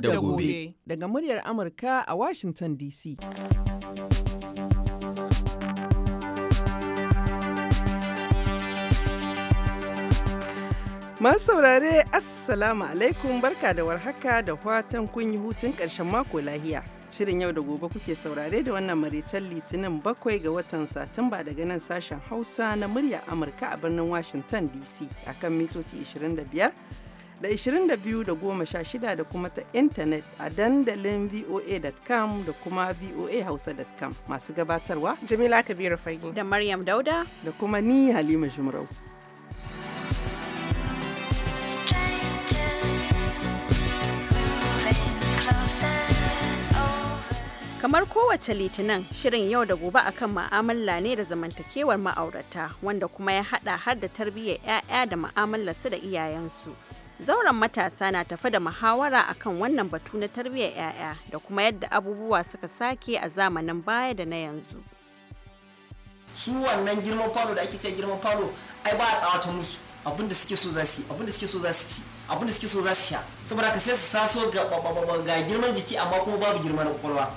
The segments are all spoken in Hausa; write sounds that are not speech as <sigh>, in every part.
da gobe daga muryar Amurka a Washington DC. Masu saurare Assalamu alaikum barka da warhaka da watan kun yi hutun karshen mako lahiya. Shirin yau da gobe kuke saurare da wannan maraitar litinin bakwai ga watan Satumba daga nan sashen Hausa na murya Amurka a birnin Washington DC akan mitoci 25 da 22 da 16 da kuma ta intanet a dandalin voa.com da kuma voahausa.com masu gabatarwa Jamila Kabiru Fage da Maryam Dauda da kuma ni Halima Jumrau. Kamar kowace litinin shirin yau da gobe akan ma'amala ne da zamantakewar ma'aurata wanda kuma ya hada har da tarbiyyar 'ya'ya da ma'amalarsu da iyayensu. Zauren matasa na tafi da muhawara akan wannan batu na tarbiyyar 'ya'ya da kuma yadda abubuwa suka sake a zamanin baya da na yanzu. Su wannan girman falo da ake ce girman falo ai ba a tsawata musu abinda suke so za su yi abinda suke so za su ci abinda suke so za su sha saboda ka sai su saso ga ga girman jiki amma kuma babu girman kwakwalwa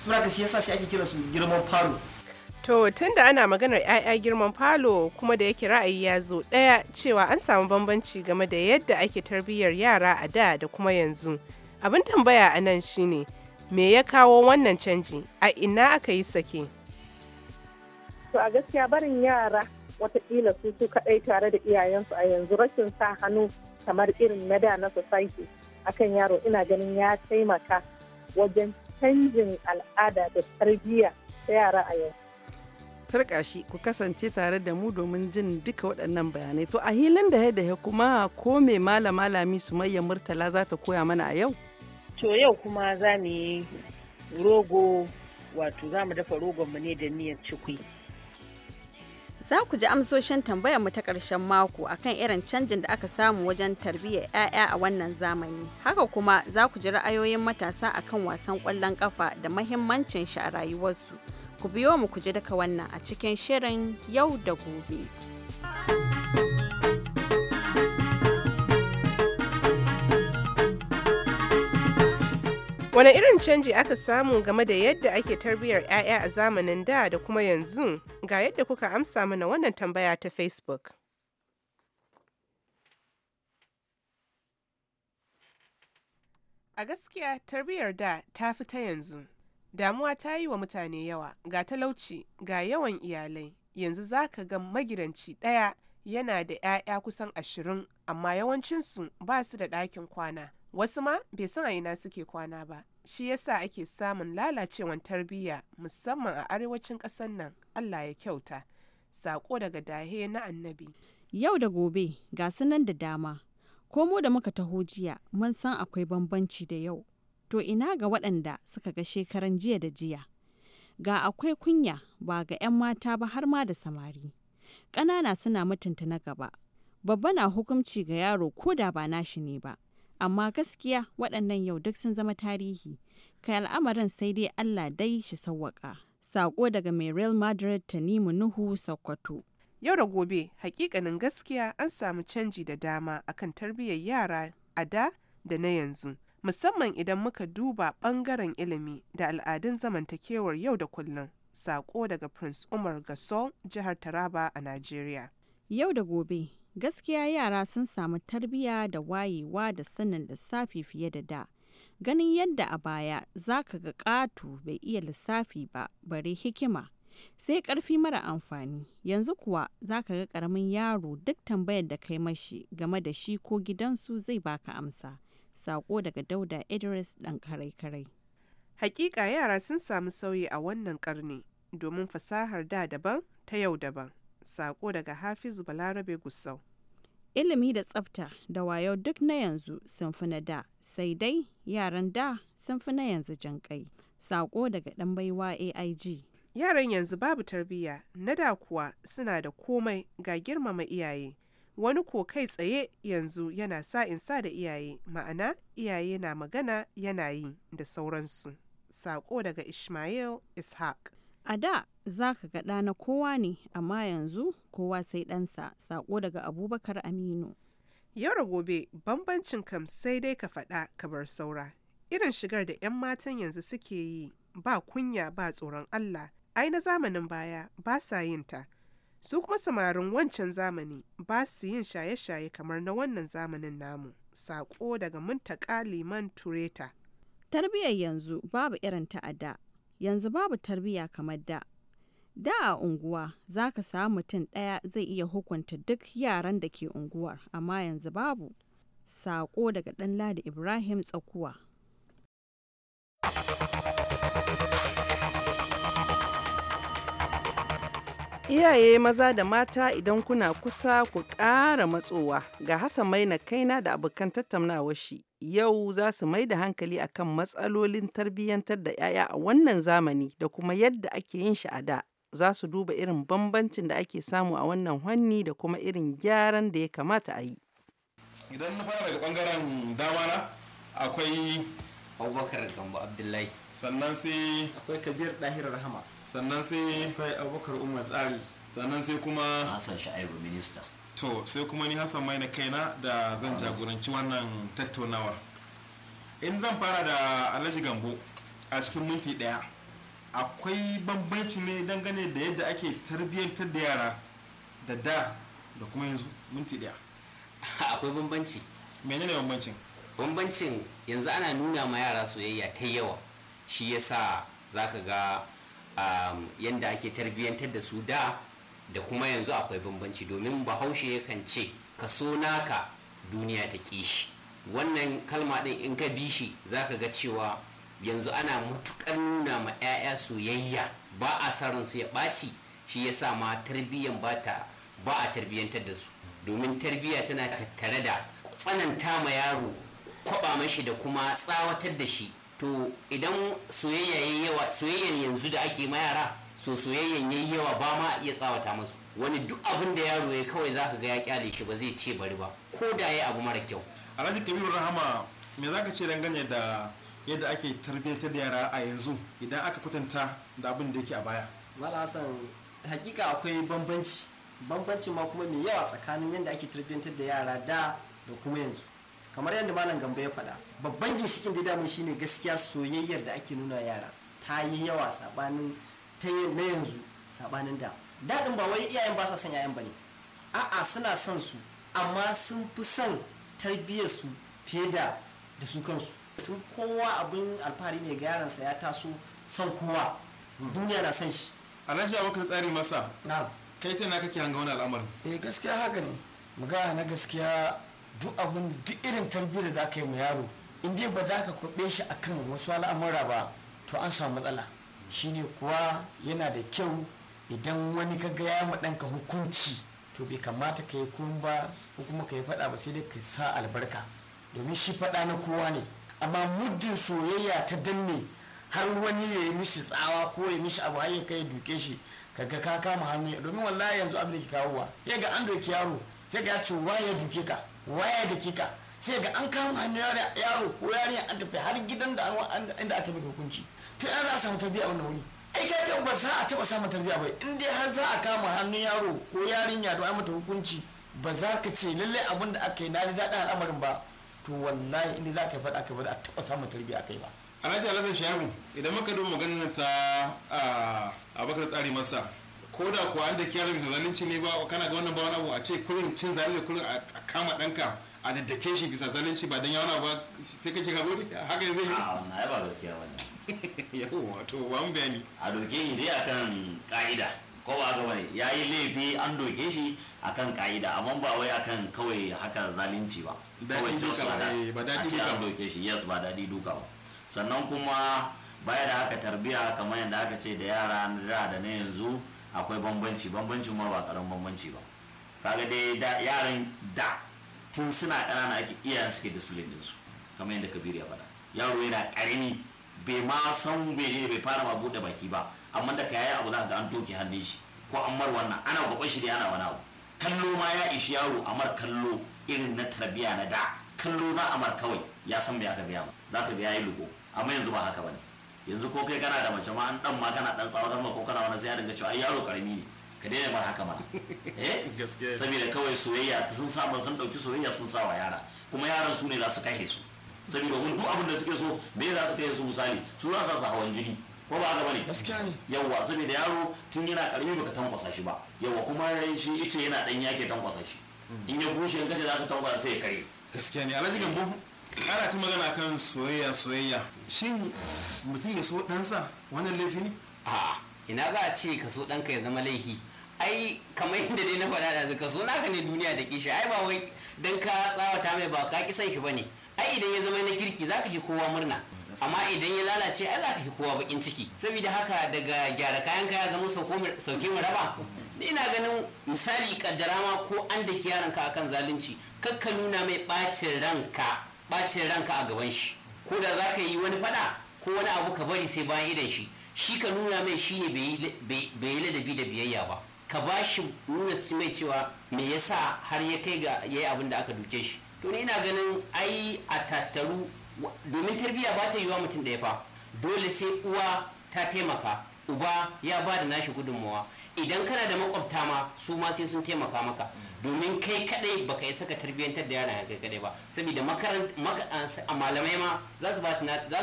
saboda ka sai yasa sai ake kira su girman falo To tunda ana maganar 'ya'ya girman falo kuma da yake ra'ayi ya zo ɗaya cewa an samu bambanci game da yadda ake tarbiyyar yara a da da kuma yanzu. Abin tambaya a nan shine me ya kawo wannan canji a ina aka yi sake? To a gaskiya barin yara watakila su su kaɗai tare da iyayensu a yanzu rashin sa hannu kamar irin na da na society akan yaro ina ganin ya taimaka wajen canjin al'ada da tarbiyya ta yara a yanzu. tarka shi ku kasance tare da mu domin jin duka waɗannan bayanai to a hilin da da kuma ko me malama lami sumayya murtala za ta koya mana a yau to yau kuma za mu yi rogo wato za mu dafa rogon mu ne da niyyar cikwi za ku ji amsoshin tambayar mu ta ƙarshen mako akan irin canjin da aka samu wajen tarbiyyar 'ya'ya a wannan zamani haka kuma za ku ji ra'ayoyin matasa akan wasan kwallon ƙafa da mahimmancin shi a rayuwarsu Ku biyo mu ku ji wannan a cikin shirin yau da gobe. Wane irin canji aka samu game da yadda ake tarbiyyar 'ya'ya a zamanin da da kuma yanzu ga yadda kuka amsa mana wannan tambaya ta Facebook. A gaskiya tarbiyyar da ta fi ta yanzu, Damuwa ta yi wa mutane yawa, ga talauci, ga yawan iyalai, yanzu za ka ga magidanci ɗaya yana da 'ya'ya kusan ashirin amma yawancinsu ba su da ɗakin kwana. Wasu ma bai san a ina suke kwana ba, shi yasa ake samun lalacewan tarbiyya musamman a arewacin ƙasar nan Allah ya kyauta. saƙo daga dahe na annabi. Yau da gobe ga sunan da dama, komo da muka taho jiya mun san akwai bambanci da yau. To ina ga waɗanda suka ga shekaran jiya da jiya? Ga akwai kunya ba ga 'yan mata ba har ma da samari. Ƙanana suna mutunta na gaba. Babba na hukumci ga yaro ko da ba nashi ne ba. Amma gaskiya waɗannan yau duk sun zama tarihi. Kai al'amarin sai dai Allah dai shi sawwaka. Sako daga mai Real Madrid Tanimu Nuhu Sokoto. Yau da gobe, hakikanin gaskiya an samu canji da dama akan tarbiyyar yara a da da na yanzu. musamman idan muka duba ɓangaren ilimi da al'adun zamantakewar yau da kullum. saƙo daga Prince Umar Gasol, jihar Taraba a nigeria. Yau da gobe, gaskiya yara sun samu tarbiyya da wayewa da sanin lissafi fiye da da. Ganin yadda a baya za ka ga ƙato bai iya lissafi ba, bare hikima. Sai ƙarfi mara amfani, yanzu kuwa za ka ga ƙaramin yaro duk tambayar da kai mashi game da shi ko gidansu zai baka amsa. Sako daga Dauda Idris ɗan karai-karai. Hakika yara sun samu sauyi a wannan karni domin fasahar da daban ta yau daban. Sako daga Hafizu Balarabe Gusau. Ilimi da tsafta da wayo duk na yanzu sun fi na da, sai dai yaran da sun fi na yanzu jankai. Sako daga ɗan baiwa AIG. Yaran yanzu babu tarbiyya, na da kuwa suna da komai ga girmama iyaye. wani ko kai tsaye yanzu yana sa in sa da iyaye ma'ana iyaye na magana yana yi da sauransu sako daga ishmael ishaq a da za ka ga na kowa ne amma yanzu kowa sai ɗansa sako daga abubakar aminu yau gobe bambancin kam sai dai ka faɗa ka bar saura irin shigar da 'yan matan yanzu suke yi ba kunya ba tsoron allah ai na zamanin baya ba sa yin ta Su kuma samarin wancan zamani ba su yin shaye-shaye kamar na wannan zamanin namu. Sako daga muntaka liman tureta. Tarbiyyar yanzu babu irin ta'ada, yanzu babu tarbiyya kamar da. Da a unguwa za ka samu mutum ɗaya zai iya hukunta duk yaran da ke unguwar, amma yanzu babu. Sako daga ɗan Ladi Ibrahim Tsakuwa. Iyaye maza da mata idan kuna kusa ku ƙara matsowa ga Hassan Maina kaina da abokan tattaunawar shi yau za su mai da hankali akan matsalolin tarbiyyantar da 'ya'ya a wannan zamani da kuma yadda ake yin shi a da. Za su duba irin bambancin da ake samu a wannan hanni da kuma irin gyaran da ya kamata a yi. Idan na fara daga bangaren damana akwai Abubakar Gambo Abdullahi. Sannan sai akwai Kabir Dahir Rahama. sannan sai fai abubakar umar tsari sannan sai kuma hassan sha'aibu minista to sai kuma ni hassan mai na kaina da zan jagoranci wannan tattaunawa in zan fara da alhaji gambo a cikin minti daya akwai bambanci ne dangane da yadda ake tarbiyyantar da yara da da da kuma yanzu minti daya <laughs> akwai bambanci menene bambancin bambancin yanzu ana nuna ma yara soyayya ta yawa shi yasa zaka ga Um, yadda ake tarbiyyantar da su da da kuma yanzu akwai bambanci domin bahaushe yakan ce ka so naka duniya ta kishi wannan kalma ɗin in ka bi shi za ka ga cewa yanzu ana matuƙar nuna ma 'ya'ya soyayya ba a sa su ya ɓaci shi ya sa ma tarbiyyan ba ta ba a tarbiyyantar da su domin tarbiyya tana tattare da tsananta ma yaro kwaɓa mashi da kuma tsawatar da shi to idan soyayya yayi yawa soyayyan yanzu da ake ma yara so soyayyan yayi yawa ba ma iya tsawata musu wani duk abin da yaro ya kawai zaka ga ya kyale shi ba zai ce bari ba ko da yayi abu mara kyau alhaji kabiru rahama me zaka ce dangane da yadda ake tarbiyyantar da yara a yanzu idan aka kwatanta da abin da yake a baya mala Hassan hakika akwai bambanci bambanci ma kuma mai yawa tsakanin yadda ake tarbiyyantar da yara da da kuma yanzu kamar yadda malam gambe ya faɗa babban ginshikin da damu shine gaskiya soyayyar da ake nuna yara ta yi yawa sabanin ta na yanzu sabanin da daɗin ba wai iyayen ba sa son yayan ba ne. a'a suna son su amma sun fi son tarbiyyar su fiye da da su kansu sun kowa abin alfahari ne ga yaransa ya taso son kowa hmm. duniya na son shi A a abokan tsari masa kai tana kake hanga wani al'amarin eh gaskiya haka ne ga na gaskiya duk abin duk irin tarbiyyar da ka yi ma yaro in dai ba za ka kwaɓe shi a kan wasu al'amura ba to an samu matsala shine kuwa yana da kyau idan wani ka gaya ma ɗanka hukunci to bai kamata ka yi kun ba ko kuma ka yi faɗa ba sai dai ka sa albarka domin shi faɗa na kowa ne amma muddin soyayya ta danne har wani ya yi mishi tsawa ko ya mishi abu har ya kai duke shi kaga ka kama hannu domin wallahi yanzu abin da ke kawowa ya ga an doki yaro sai ga ce waya duke ka waya duke ka sai ga an kama hannun yaro ko yarinya an tafi har gidan da inda aka maka hukunci to yana za a samu tarbiyya wannan wuri ai ka tabbas za a taba samun tarbiyya bai in dai har za a kama hannun yaro ko yarinya don an mata hukunci ba za ka ce lalle abin da aka yi na ji daɗin al'amarin ba to wallahi inda za ka yi faɗa ka ba a taba samun tarbiyya kai ba alhaji alhassan shayabu idan muka duba maganar ta ah, bakar tsari masa ko da kuwa an da kiyar da zalunci ne ba kana ga wannan ba wani abu a ce kurin cin da kurin a kama danka a daddake shi bisa zalunci ba don yawon ba sai ka ce ka gode haka yanzu yi a wannan ba gaskiya wannan yau wato ba <laughs> mu bayani a doke shi dai akan ka'ida ko ba ga bane ya yi laifi an doke shi akan ka'ida amma ba wai akan kawai haka zalunci ba kawai tosa ba eh, dadi duka ba doke shi yes ba dadi duka ba sannan kuma baya da haka tarbiya kamar yadda aka ce da yara da na yanzu akwai bambanci bambancin ma ba karamin bambanci ba kaga dai da yaran da tun suna ƙanana ake iyayen suke discipline din su kamar yadda kabiru ya faɗa yaro yana ƙarami bai ma san bai bai fara ma buɗe baki ba amma da ka yayi abu za ga an toke hannun shi ko an mar wannan ana gwaban shi da yana wani abu kallo ma ya ishi yaro a mar kallo irin na tarbiya na da kallo na amar kawai ya san me aka biya za ka biya yi luko amma yanzu ba haka bane yanzu ko kai kana da mace ma an dan ma kana dan tsawatar ma ko kana wani sai ya dinga cewa ai yaro karami ne ka daina bar haka ma <laughs> eh saboda kawai soyayya sun samu sun dauki soyayya sun sa wa yara kuma yaran su ne za su kai su saboda mun duk abin da suke so me za su kai su misali su za su hawan jini ko ba haka bane gaskiya ne yawa saboda yaro tun yana karami baka tankwasa shi ba yawa kuma shi ice yana dan yake tankwasa shi mm. in ya bushe in kaje za ka tankwasa sai ya kare gaskiya ne alhaji gambo kara ta magana kan soyayya soyayya shin mutum ya so ɗansa wannan laifi ne a ina za a ce ka so ɗanka ya zama laifi ai kamar yadda dai na faɗa da ka so naka ne duniya da kishi ai ba wai dan ka tsawata mai ba ka kisan shi ne. ai idan ya zama na kirki za ka ki kowa murna amma idan ya lalace ai za ka ji kowa bakin ciki saboda haka daga gyara kayan ka ya zama sauke mu raba ni ina ganin misali kaddara ma ko an da yaranka akan zalunci kakka nuna mai ɓacin ranka bacin ranka a gaban shi ko da za ka yi wani fada ko wani abu ka bari sai bayan idan shi shi ka nuna mai shi ne bai yi ladabi da biyayya ba ka ba shi nuna mai cewa me yasa har ya kai ga ya yi abin da aka duke shi to ni ina ganin ai a tattaru domin tarbiyya ba ta yiwa mutum ɗaya fa dole sai uwa ta taimaka uba ya ba da nashi gudunmawa idan kana da makwabta ma su ma sai sun taimaka maka domin kai kadai baka yi saka tarbiyyantar da yaran kai kadai ba saboda malamai ma za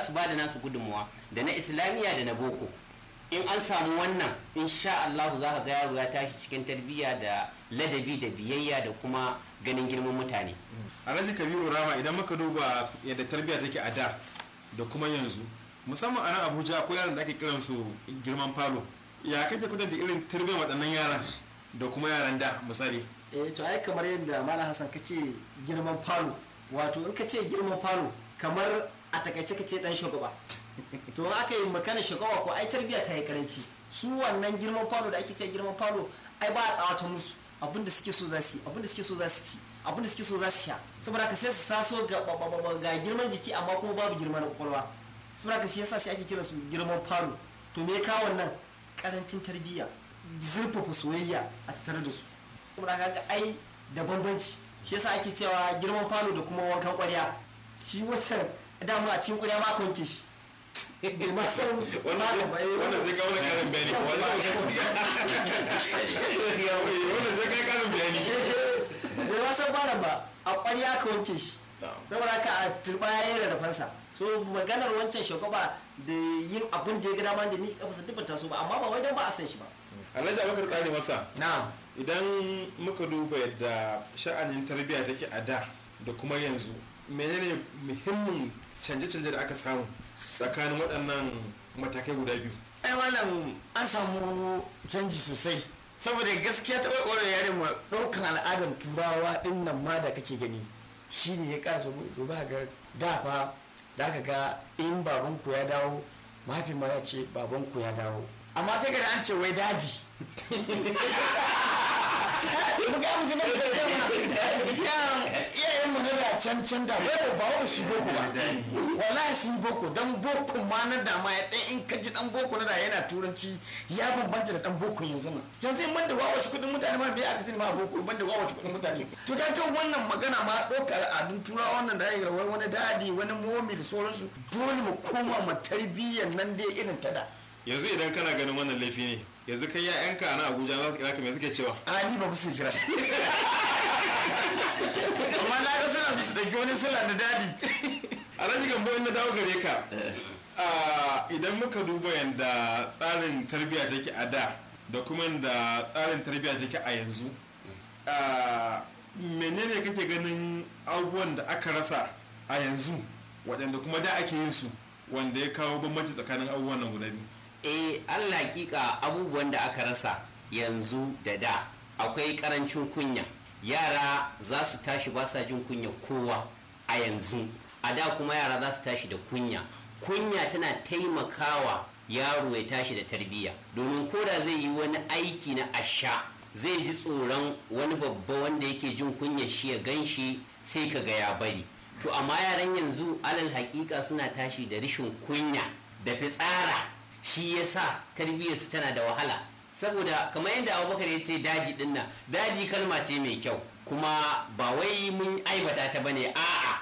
su ba da nasu gudunmuwa da na islamiyya da na boko in an samu wannan insha Allah za ka ga yaro ya tashi cikin tarbiyya da ladabi da biyayya da kuma ganin girman mutane a alhaji kabiru rama idan muka duba yadda tarbiyya take a da da kuma yanzu musamman a nan abuja ko yaran da ake kiransu girman falo ya kake kudan da irin tarbiyyar waɗannan yaran da kuma yaran da misali eh to ai kamar yadda malam hassan kace girman falo wato in ka ce girman falo kamar a takaice ka ce dan shugaba <laughs> to aka yi makana shugaba ko ai tarbiyya ta yi karanci su wannan girman falo da ake ce girman falo ai ba a tsawata musu abin da suke so za su yi abin da suke so za su ci abin da suke so za su sha saboda ka sai su saso ga ga girman jiki amma kuma babu girman kwakwalwa saboda ka shi yasa sai ake kira su girman falo to me ka kawo wannan karancin tarbiyya zurfafa soyayya a tattare da su kuma ga ai da bambanci shi yasa ake cewa girman falo da kuma wankan kwarya shi wancan dama a cikin kwarya ma ka wanke shi <laughs> wanda zai kawo karin bayani wanda zai kai karin bayani bai wasan fara ba a kwarya ka wanke shi saboda ka a turba ya yi da fansa so maganar wancan ba da yin abun da ya gida ma da ni kafa fasa ta su ba amma ba wajen ba a san shi ba alhaji abakar tsari masa na'am idan muka duba yadda sha'anin tarbiyya take a da da kuma yanzu menene muhimmin canje-canje da aka samu tsakanin waɗannan matakai guda biyu ai wannan an samu canji sosai saboda gaskiya ta bai ɓarɓarar yare mu ɗaukan al'adar turawa ɗin ma da kake gani shine ya ƙasa gobe ga dafa za ka ga in babanku ya dawo mafi a ce babanku ya dawo amma sai ka an ce wai dadi <laughs> <laughs> iyayen mu na da can can da boko ba wa shi boko ba wallahi shi boko dan boko ma na da ma ya dan in ka ji dan boko na da yana turanci ya bambanta da dan boko yanzu nan yanzu in banda wawace kudin mutane ma bai aka sani ma boko in banda wawace kudin mutane to ta kai wannan magana ma ɗauka al'adun turawa wannan da ya wani dadi wani momi da sauransu dole mu koma mu tarbiyyar nan dai irin ta da yanzu idan kana ganin wannan laifi ne yanzu kai ya yanka a abuja za su kira ka mai suke cewa a ni ba ku su kira amma na ga suna su ɗauki wani sula da dadi a rajin gambo na dawo gare ka idan muka duba yadda tsarin tarbiyya take a da da kuma da tsarin tarbiyya take a yanzu menene kake ganin abubuwan da aka rasa a yanzu waɗanda kuma da ake yin su wanda ya kawo bambanci tsakanin abubuwan nan guda biyu eh allah hakika abubuwan da aka rasa yanzu da da akwai karancin kunya yara za su tashi ba sa jin kunya kowa a yanzu a da kuma yara za su tashi da kunya kunya tana taimakawa yaro ya tashi da tarbiyya domin koda zai yi wani aiki na asha zai ji tsoron wani babba wanda yake jin kunya shi ya gan shi sai ka ga ya bari to amma yaran yanzu alal hakika suna tashi da rishin kunya da fitsara shi ya sa tarbiyyarsu tana da wahala saboda kamar yadda abubakar ya ce daji din daji kalma ce mai kyau kuma ba wai mun aibata ta bane a'a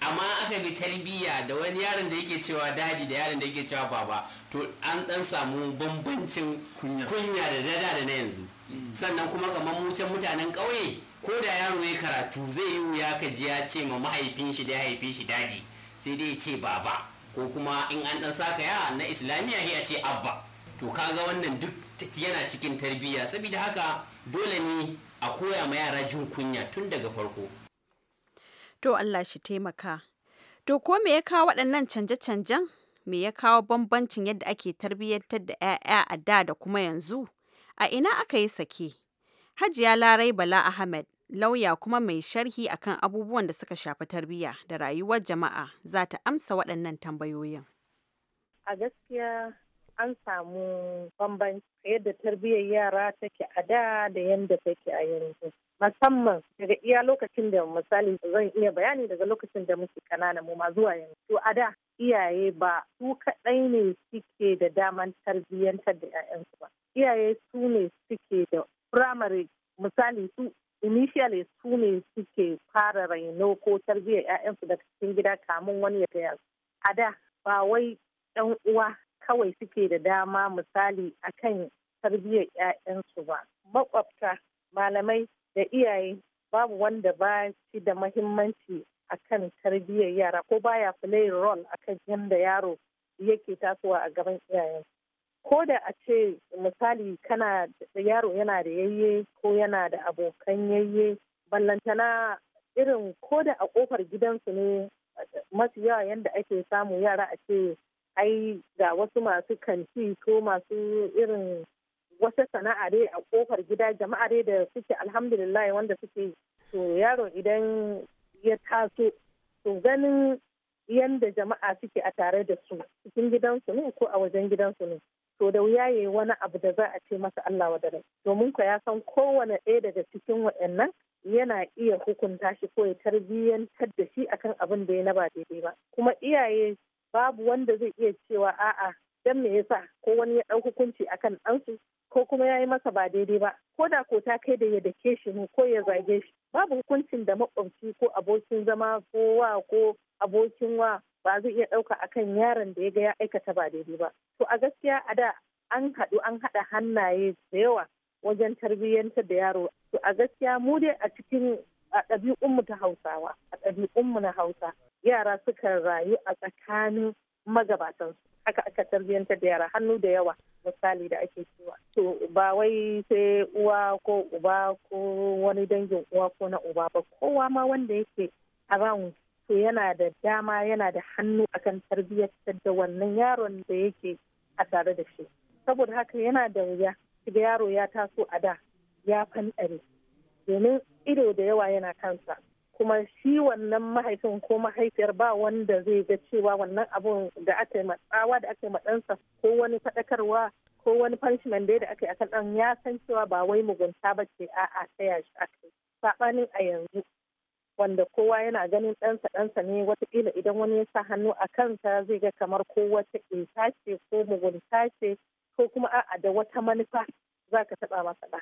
amma aka bi tarbiyya da wani yaron da yake cewa daji da yaron da yake cewa baba to an dan samu bambancin kunya da dada da na yanzu mm. sannan kuma kamar mucin mutanen ƙauye ko da yaro ya karatu zai yi wuya ka ji ya ce ma mahaifin shi da ya haife shi daji sai dai ya ce baba ko kuma in an dan saka ya na Islamiya ya ce abba to kaga wannan duk yana cikin tarbiyya saboda haka dole ne a koya ma yara jin kunya tun daga farko to Allah shi taimaka to ko me ya kawo waɗannan canje-canjen me ya kawo bambancin yadda ake tarbiyyantar da 'ya'ya a da da kuma yanzu a ina aka yi sake hajiya larai bala ahmed lauya kuma mai sharhi akan abubuwan da suka shafi tarbiyya da rayuwar jama'a za ta amsa waɗannan tambayoyin. A gaskiya an samu bambanci yadda tarbiyyar yara take a da da yadda take a yanzu. Musamman daga iya lokacin da misali zan iya bayani daga lokacin da muke kanana mu ma zuwa yanzu. To a da iyaye ba su kaɗai ne suke da daman tarbiyyantar da 'ya'yansu ba. Iyaye su ne suke da firamare misali su initially su ne suke fara raino ko tarbiyyar 'ya'yansu da cikin gida kamun wani ya taya a da ba wai 'yan uwa kawai suke da dama misali akan tarbiyyar 'ya'yansu ba makwabta malamai da iyaye babu wanda ba shi da mahimmanci akan tarbiyyar yara ko baya play role akan yadda yaro yake tasowa a gaban iyayensu ko da a ce misali kana yaro yana da yayye ko yana da abokan yayye ballantana irin ko da a kofar gidansu ne masu yawa yadda ake samu yara a ce ai ga wasu masu kanti ko masu irin wata sana'a dai a kofar gida jama'a dai da suke alhamdulillah wanda suke to yaro idan ya taso to ganin yadda jama'a suke a tare da su cikin gidansu ne ko a wajen gidansu ne to da wuya ya yi wani abu da za a ce masa Allah wa dare domin ku ya san kowane ɗaya daga cikin waɗannan yana iya hukunta shi ko ya tarbiyyantar da shi akan abin da ya na ba daidai ba kuma iyaye babu wanda zai iya cewa a'a dan me yasa ko wani ya ɗau hukunci akan ɗansu ko kuma ya yi masa ba daidai ba ko da ko ta kai da ya dake shi ne ko ya zage shi babu hukuncin da maƙwabci ko abokin zama ko wa ko abokin wa ba zai iya ɗauka a kan yaron da ya ga ya aikata ba daidai ba to a gaskiya a da an haɗu an haɗa hannaye da yawa wajen tarbiyyantar da yaro to a gaskiya mu dai a cikin a ɗabi'unmu ta hausawa a ɗabi'unmu na hausa yara suka rayu a tsakanin magabatansu haka aka tarbiyyantar da yara hannu da yawa misali da ake cewa to ba wai sai uwa ko uba ko wani dangin uwa ko na uba ba kowa ma wanda yake around to yana da dama yana da hannu akan tarbiyyar da wannan yaron da yake a tare da shi saboda haka yana da wuya shiga yaro ya taso a da ya fanɗare domin ido da yawa yana kansa kuma shi wannan mahaifin ko mahaifiyar ba wanda zai ga cewa wannan abun da aka yi matsawa da aka yi matsansa ko wani faɗakarwa ko wani punishment dai da aka yi akan ɗan ya san cewa ba wai mugunta ba ce a'a taya shi a kai saɓanin a yanzu wanda kowa yana ganin ɗansa ɗansa ne watakila idan wani ya sa hannu a kansa zai ga kamar ko wata ƙeta ce ko mugunta ce ko kuma a'a da wata manufa za ka taɓa masa ɗa.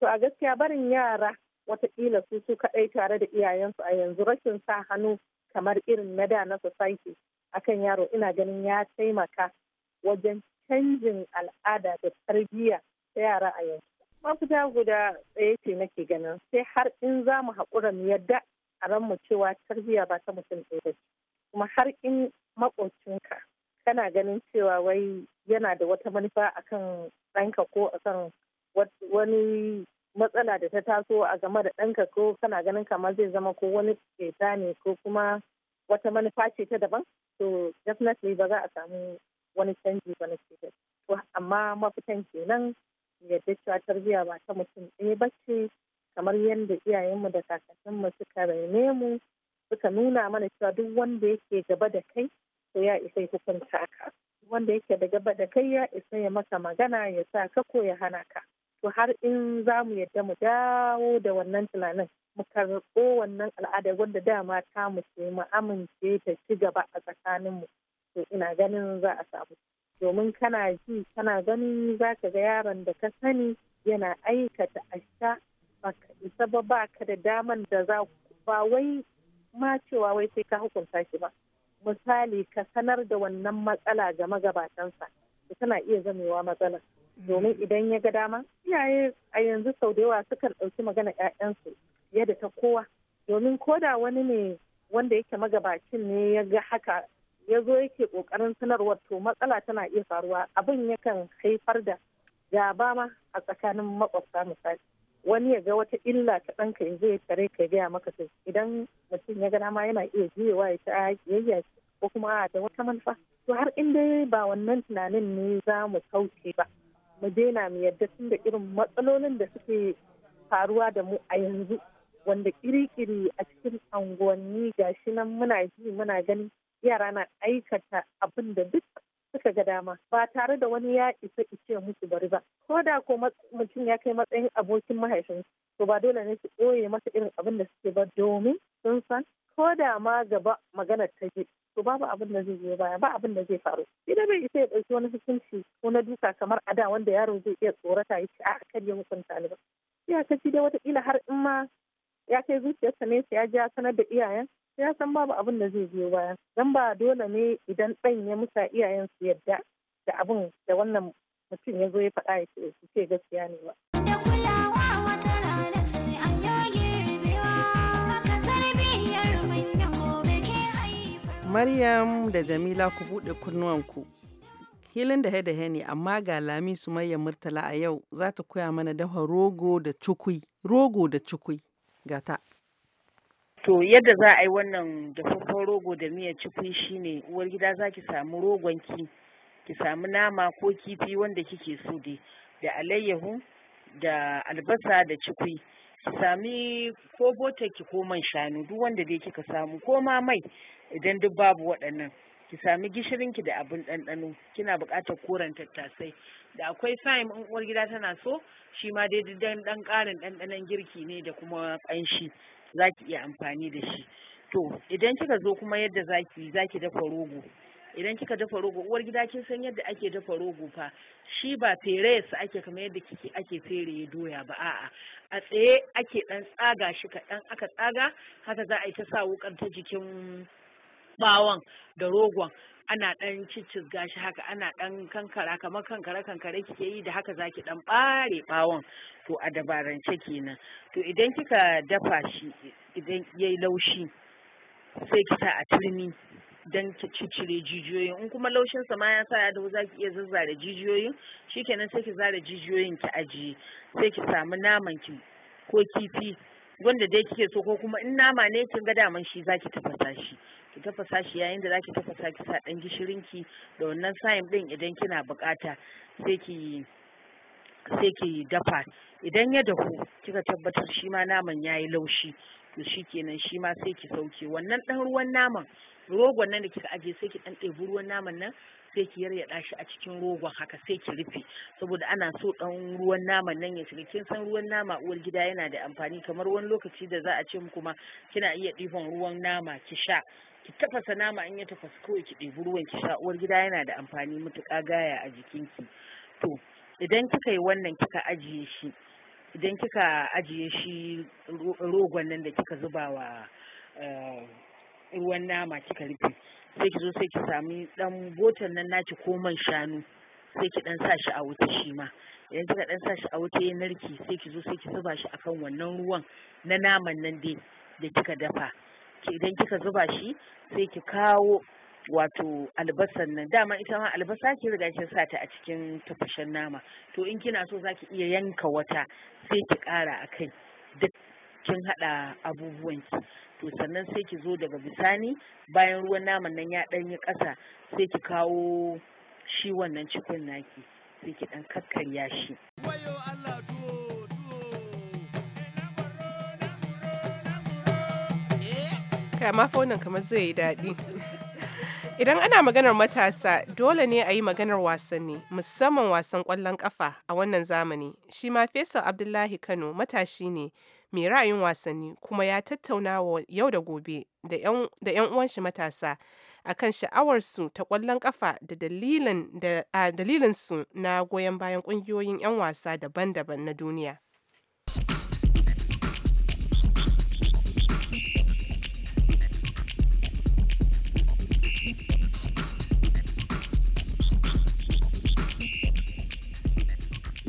To a gaskiya barin yara watakila su su kaɗai tare da iyayensu a yanzu rashin sa hannu kamar irin na da na society akan yaro ina ganin ya taimaka wajen canjin al'ada da tarbiyya ta yara a yanzu. mafita guda tsaye ce nake ganin sai har in za mu haƙura mu yadda a mu cewa tarbiyya ba ta mutum ɗaya ba kuma har in maƙocinka kana ganin cewa wai yana da wata manufa a kan ɗanka ko a kan wani matsala da ta taso a game da ɗanka ko kana ganin kamar zai zama ko wani ƙeta ne ko kuma wata manufa ce ta daban to definitely ba za a samu wani canji ba na cikin amma mafitan kenan yadda cewa tarbiyya ba ta mutum ɗaya ba ce kamar yadda iyayenmu da kakanninmu suka raine mu suka nuna mana cewa duk wanda yake gaba da kai to ya isa ya hukunta ka wanda yake da gaba da kai ya isa ya maka magana ya sa ka ko ya hana ka to har in za mu yadda mu dawo da wannan tunanin mu karɓo wannan al'ada wanda dama ta mu ce mu amince ta ci gaba a tsakaninmu to ina ganin za a samu domin kana ji kana ganin za ka ga yaron da ka sani yana aikata asha isa ba baka da daman da za ba wai ma cewa wai sai ka hukunta shi ba misali ka sanar da wannan matsala ga magabatansa da tana iya zamewa matsala domin mm. idan ya ga dama iyaye a yanzu sau da yawa sukan ɗauki magana 'ya'yansu fiye da ta kowa domin ko da wani ne wanda yake magabacin ne ya ga haka ya zo yake kokarin sanarwar to matsala tana iya faruwa abin yakan haifar da gaba ma a tsakanin makwabta misali wani ya ga wata illa ta ɗanka ya zai ka gaya maka sai idan mutum ya gana ma yana iya jiyewa ya ta yayya ko kuma a da wata manufa to har in dai ba wannan tunanin ne za mu kauce ba mu daina mu yadda tun da irin matsalolin da suke faruwa da mu a yanzu wanda kiri-kiri a cikin anguwanni gashi nan muna ji muna gani yara na aikata abin da duk suka ga dama ba tare da wani ya isa ice musu bari ba ko da ko mutum ya kai matsayin abokin mahaifinsu to ba dole ne su ɓoye masa irin abin da suke ba domin sun san ko da ma gaba maganar ta je to babu abin da zai zo baya ba abin da zai faru idan bai isa ya ɗauki wani hukunci ko na duka kamar a da wanda yaro zai iya tsorata ya ce a kar ya hukunta ni ba iyakaci dai wataƙila har in ma ya kai zuciyarsa ne ya ja sanar da iyayen ya san babu abin da zai biyo baya dan ba dole ne idan ɗan ya musa iyayen su yadda da abin da wannan mutum ya zo ya faɗa ya ce gaskiya ne ba. Maryam da Jamila ku buɗe kunnuwanku. Hilin da haida ne amma ga Lami su Sumayya Murtala a yau za ta koya mana dafa rogo da cukui. Rogo da cukui. Gata. To yadda za a yi wannan dafaffen rogo da miyar shi shine uwar gida za ki samu rogon ki, ki samu nama ko kifi wanda kike so dai, da alayyahu, da albasa da cikui. Ki sami ko botaki ko man shanu duk wanda dai kika samu ko ma mai idan duk babu waɗannan. Ki sami gishirin ki da abin ɗanɗano, kina buƙatar koren tattasai. Da akwai thyme in uwar gida tana so, shi ma dai duk ɗan ƙarin ɗanɗanon girki ne da kuma ƙanshi. za ki iya amfani da shi to idan kika zo kuma yadda za ki za ki dafa rogo idan kika dafa rogo uwar gida kin san yadda ake dafa rogo fa shi ba fere su ake kamar yadda kike ake ya doya ba a'a a tsaye ake dan tsaga shi kaɗan aka tsaga haka za a yi ta sa wukar ta jikin bawon da rogon ana dan cicciga shi haka ana dan kankara kamar kankare kankare kike yi da haka zaki dan bare bawon to a dabarance kenan to idan kika dafa shi idan yayi laushi sai ki sa a turmi don ki ciccire jijiyoyin in kuma laushin sa ma ya sa ya dawo zaki iya zazzare jijiyoyin shikenan sai ki zare jijiyoyin ki ajiye sai ki samu naman ki ko kifi wanda dai kike so ko kuma in nama ne kin ga daman shi zaki tafasa shi ki tafasa shi yayin da zaki tafasa ki sa dan gishirin ki da wannan sayin din idan kina bukata sai ki sai ki dafa idan ya dahu kika tabbatar shi ma naman yayi laushi to shikenan shi ma sai ki sauke wannan dan ruwan naman rogon nan da kika aje sai ki dan ɗebi ruwan naman nan sai ki yaryaɗa shi a cikin rogon haka sai ki rufe saboda ana so ɗan ruwan naman nan ya shiga kin san ruwan nama uwar gida yana da amfani kamar wani lokaci da za a ce mu Kuma kina iya ɗiban ruwan nama ki sha ki tafasa nama in ya tafasa kawai ki ɗebi ruwan ki sha uwar gida yana da amfani matuƙa gaya a jikinki to idan kika yi wannan kika ajiye shi idan kika ajiye shi rogon nan da kika zuba wa eh, ruwan nama kika rufe sai ki zo sai ki sami dan botan nan naki ko man shanu sai ki dan sa shi a wuta shi ma idan kika dan sa shi a wuta ya narki sai ki zo sai ki zuba shi akan wannan ruwan na naman nan dai da kika dafa ki idan kika zuba shi sai ki kawo wato albasan nan dama ita ma albasa ki riga kin sa ta a cikin tafashen nama to in kina so zaki iya yanka wata sai ki kara a kai duk kin haɗa abubuwan ki to sannan sai ki zo daga bisani bayan ruwan naman nan ya dan yi kasa sai ki kawo shi wannan cikin naki sai ki dan kakkarya shi wayo Allah Kama fa kamar zai yi daɗi. Idan ana maganar matasa, dole ne a yi maganar wasanni, musamman wasan ƙwallon ƙafa a wannan zamani. Shi ma fesa Abdullahi Kano matashi ne mai ra'ayin wasanni kuma ya tattauna wa yau da gobe da 'yan uwan shi matasa akan sha'awarsu ta ƙwallon ƙafa da dalilinsu na goyon bayan ƙungiyoyin 'yan wasa daban-daban na duniya.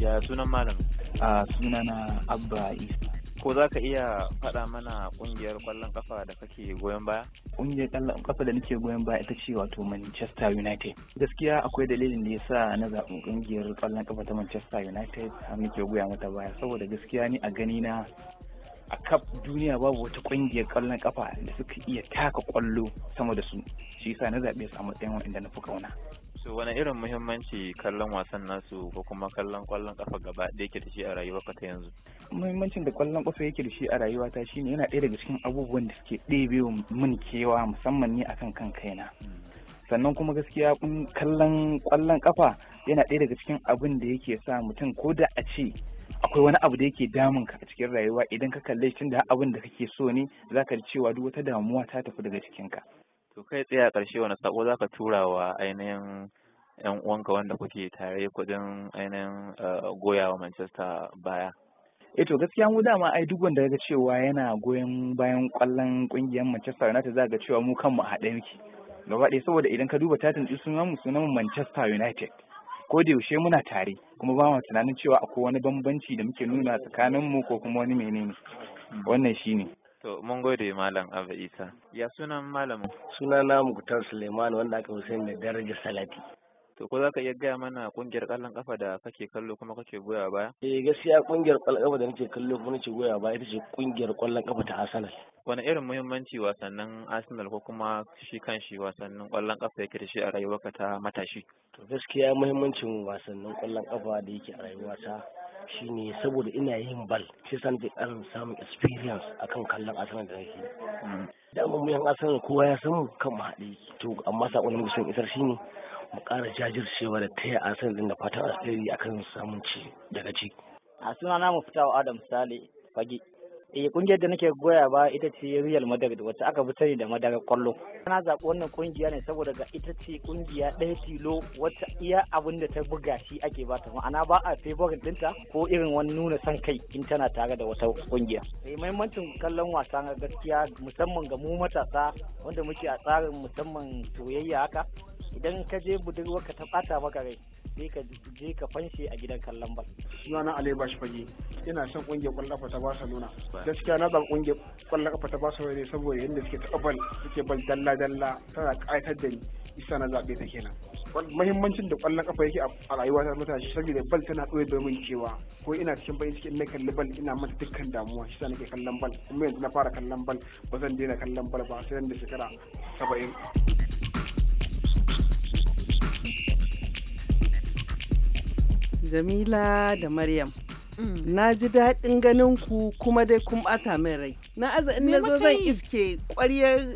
ya sunan malam a sunana abba isa ko za ka iya faɗa mana ƙungiyar ƙwallon ƙafa da kake goyon baya? ƙungiyar ƙwallon ƙafa da nake goyon baya ita ce wato Manchester United. Gaskiya akwai dalilin da ya sa na zaɓi ƙungiyar ƙwallon ƙafa ta Manchester United a nake goya mata baya saboda gaskiya ni a gani na a kaf duniya babu wata ƙungiyar ƙwallon kafa da suka iya taka kwallo sama da su shi sa na zaɓe samu a matsayin wanda na fi kauna so wani irin muhimmanci kallon wasan nasu ko kuma kallon ƙwallon kafa gaba ɗaya yake da shi a rayuwa ta yanzu. muhimmancin da ƙwallon kafa yake da shi a rayuwata shine yana ɗaya daga cikin abubuwan da suke ɗebe min kewa musamman ni akan kan kaina. sannan kuma gaskiya kallon ƙwallon kafa yana ɗaya daga cikin abin da yake sa mutum ko da a ce akwai wani abu da yake damun ka a cikin rayuwa idan ka kalle tun da abin da kake so ne za ka cewa duk wata damuwa ta tafi daga cikin ka to kai tsaye a ƙarshe wani sako za ka tura wa ainihin yan uwanka wanda kuke tare kudin ainihin eh, goya wa Manchester baya E to gaskiya mu dama ai duk wanda ga cewa yana goyon bayan ƙwallon ƙungiyar Manchester United za ga cewa mu kanmu a haɗe miki, gaba ɗaya saboda idan ka duba tatin sunan mu sunan Manchester United ko da yaushe muna tare kuma ba mu tunanin cewa akwai wani bambanci da muke nuna tsakanin mu ko kuma wani menene wannan shine to mun gode malam Aba Isa ya sunan malamin sunana Muktar Suleiman wanda aka fi sani da daraja Salati To ko za ka iya gaya mana kungiyar kallon kafa da kake kallo kuma kake goya baya? Eh gaskiya kungiyar ƙwallon ƙafa da nake kallo kuma nake goya baya ita ce kungiyar ƙwallon kafa ta Arsenal. Wani irin muhimmanci wasannin Arsenal ko kuma shi kan shi wasannin ƙwallon ƙafa yake da shi a rayuwarka ta matashi? To gaskiya muhimmancin wasannin ƙwallon ƙafa da yake a rayuwata shine saboda ina yin bal shi san da ƙarin samun experience akan kallon Arsenal da nake. Mm. Da mu yan Arsenal kowa ya san mu kan mu haɗe to amma sakon da muke son mu ƙara jajircewa da taya a din da fatan alheri akan samun ci daga ciki a sunana mu wa adam sale fage eh kungiyar da nake goya ba ita ce Real Madrid wacce aka fi sani da madarar kwallo na zaɓi wannan kungiya ne saboda ga ita ce kungiya ɗaya tilo wacce iya abin da ta buga shi ake ba ta ma'ana ba a favorite ɗinta ko irin wani nuna son kai in tana tare da wata kungiya Mai eh, muhimmancin kallon wasa gaskiya musamman ga mu matasa wanda muke a tsarin musamman soyayya haka idan ka je budurwa ka ta ɓata maka rai sai ka je ka fanshe a gidan kallon bal. Sunana Ali Bashi Fage ina son kungiyar kwallon kafa ta Barcelona. Gaskiya na zaɓi kungiyar kwallon kafa ta Barcelona ne saboda yadda suke taɓa bal suke bal dalla dalla tana ƙayatar da ni isa na zaɓe ta kenan. Mahimmancin da kwallon kafa yake a rayuwa ta shi saboda bal tana ɗoye domin cewa ko ina cikin bayan cikin na kalli bal ina mata dukkan damuwa shi sa nake kallon bal kuma yanzu na fara kallon bal ba zan daina kallon bal ba sai da shekara saba'in. Jamila da Maryam. Mm. na ji daɗin ganin ku kuma dai kun ɓata min rai na aza in na zo zan iske ƙwarya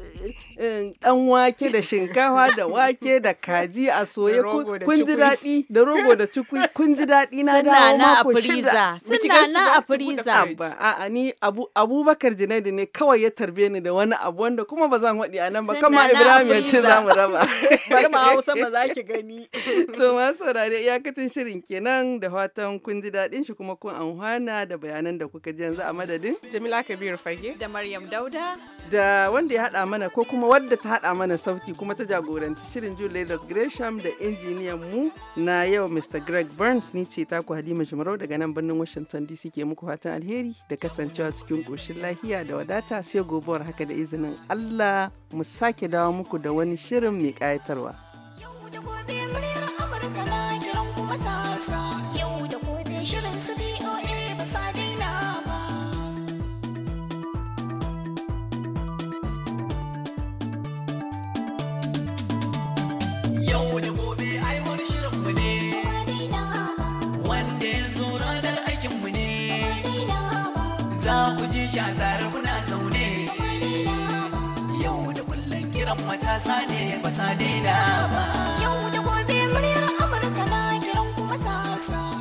eh, ɗan wake da shinkawa da wake da kaji a soye kun ji daɗi da rogo da cikui kun ji daɗi na dawo mako shida suna na a firiza a'a ni abubakar jinaidu ne kawai ya tarbe ni da wani abu wanda kuma ba zan waɗi a nan ba kama ibrahim ya ce za mu raba <laughs> bari ma hausa ba za ki gani <laughs> to masu saurare iyakacin shirin kenan da fatan kun ji daɗin shi kuma kun kun amfana da bayanan da kuka ji yanzu a madadin. Jamila Kabiru Fage. Da Maryam Dauda. Da wanda ya haɗa mana ko kuma wadda ta haɗa mana sauti kuma ta jagoranci shirin Julius Gresham da injiniyan mu na yau Mr. Greg Burns ni ce taku Halima shimarau daga nan birnin Washington DC ke muku fatan alheri da kasancewa cikin ƙoshin lahiya da wadata sai gobuwar haka da izinin Allah mu sake dawo muku da wani shirin mai kayatarwa. Yau da gobe muryar Amurka na kiran kuma shirin su BOA ba sa daina ba. Yau da gobe ai wani shirin mu ne. Wanda ya zo ranar aikin mu ne. Za ku ji shi a tsarar kuna zaune. Yau da kullum kiran matasa ne ba sa daina ba. Yau da gobe muryar Amurka na kiran ku matasa.